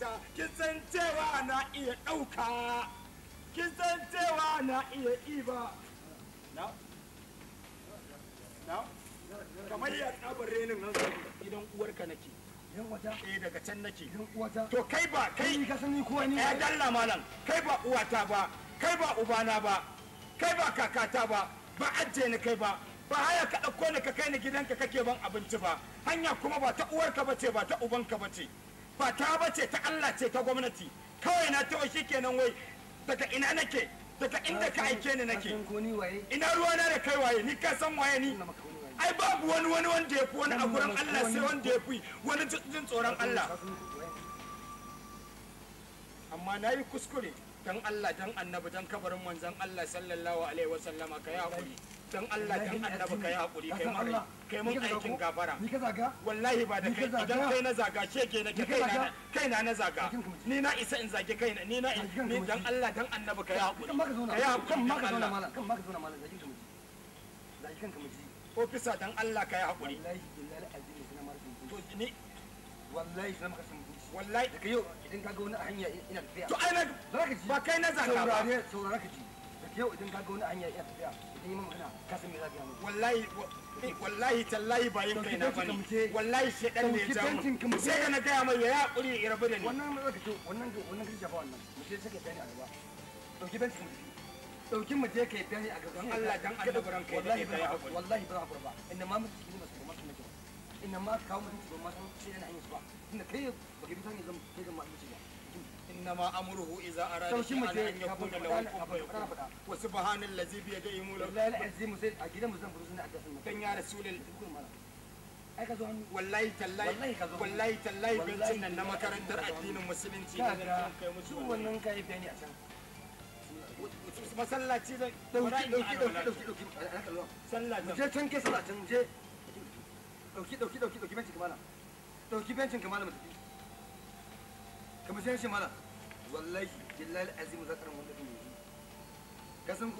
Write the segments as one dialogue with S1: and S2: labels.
S1: ta kin san cewa na iya ɗauka kin san cewa na iya iba na na kamar ya tsabar renin nan idan uwarka nake idan wata eh daga can nake yan uwata to kai ba kai ka sani kuwa ni eh dalla malam kai ba uwata ba kai ba ubana ba kai ba kakata ba ba ajje ni kai ba ba haya ka ɗauko ni ka kai ni gidanka kake ban abinci ba hanya kuma ba ta uwarka bace ba ta ubanka bace ba ta bace ta Allah ce ta gwamnati kawai na ta shi kenan wai daga ina nake daga inda ka aike ni nake ina ruwa na da kai waye ni ka san waye ni ai babu wani wani wanda ya fi wani a gurin Allah sai wanda ya fi wani jin tsoron Allah amma na yi kuskure dan Allah dan annabi dan kabarin manzon Allah sallallahu alaihi wasallama ka ya haƙuri dan Allah dan annabi kai hakuri kai mun kai mun aikin gafara ni ka zaga wallahi ba da kai idan kai na zaga shege nake kai na kai na na zaga ni na isa in zage kai na ni na ni dan Allah dan annabi kai hakuri kan maka zauna kai hakuri maka zauna kan maka zauna zage ka miji zage kanka miji ofisa dan Allah kai hakuri wallahi billahi to ni wallahi sai maka sun wallahi kai yau idan kaga wani a hanya ina tafiya to ai na ba kai na zaga ba saurare saurare ka ji yau idan kaga wani hanya tafiya idan yi magana ka san me za ka yi wallahi eh, wallahi tallahi ba yin kaina bane wallahi shedan ne ya jawo mu sai na gaya mai ya ya rabu da ni wannan mai zaka wannan wannan wannan mu sai a gaba dauki bencin mu je a gaba Allah Allah wallahi ba wallahi ba ba ma mutum ne masu kuma ma kawo mutum ba sai yana su ba tunda kai ba ka bi tani zan kai zan ma mutum ba إنما أمره إذا أراد شيئا أن يكون له كفوا وسبحان الذي بيده ملك والله العظيم مسيد أكيد مسلم بروزنا أكاسم يا رسول الله wallahi tallahi wallahi na makarantar addinin musulunci da kai musu a can ka bi shi mana wallahi jillal azimu za ka ran wanda kuma ka san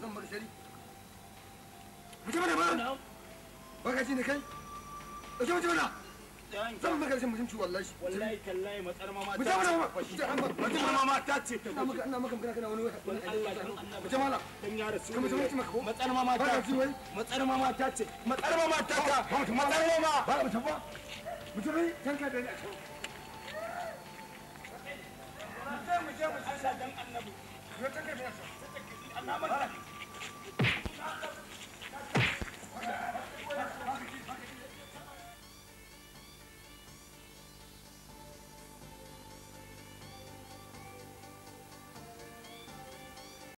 S1: zan bar shari mu ci mana ba ba ka ci ne kai ɗauke mu ci mana zan maka rashin mutunci wallahi wallahi tallahi matsar mama ta ce matsar mama ta ce ina maka ina maka magana kana wani wai dan Allah dan Allah mace dan ya rasu kuma mutunci maka matsar mama ta ce matsar mama ta ce matsar mama ta ka matsar mama ba mutum ba mutum ne tanka da ni a je mu je mu je dan annabi. Yo take da Allah manta.